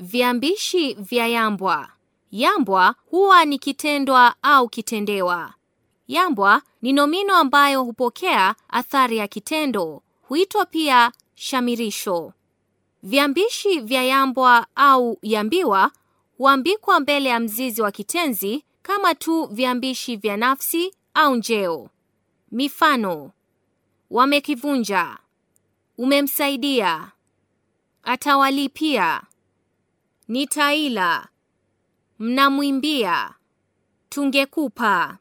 Viambishi vya yambwa. Yambwa huwa ni kitendwa au kitendewa. Yambwa ni nomino ambayo hupokea athari ya kitendo, huitwa pia shamirisho. Viambishi vya yambwa au yambiwa huambikwa mbele ya mzizi wa kitenzi kama tu viambishi vya nafsi au njeo. Mifano: wamekivunja, umemsaidia, atawalipia. Nitaila. Mnamwimbia. Tungekupa.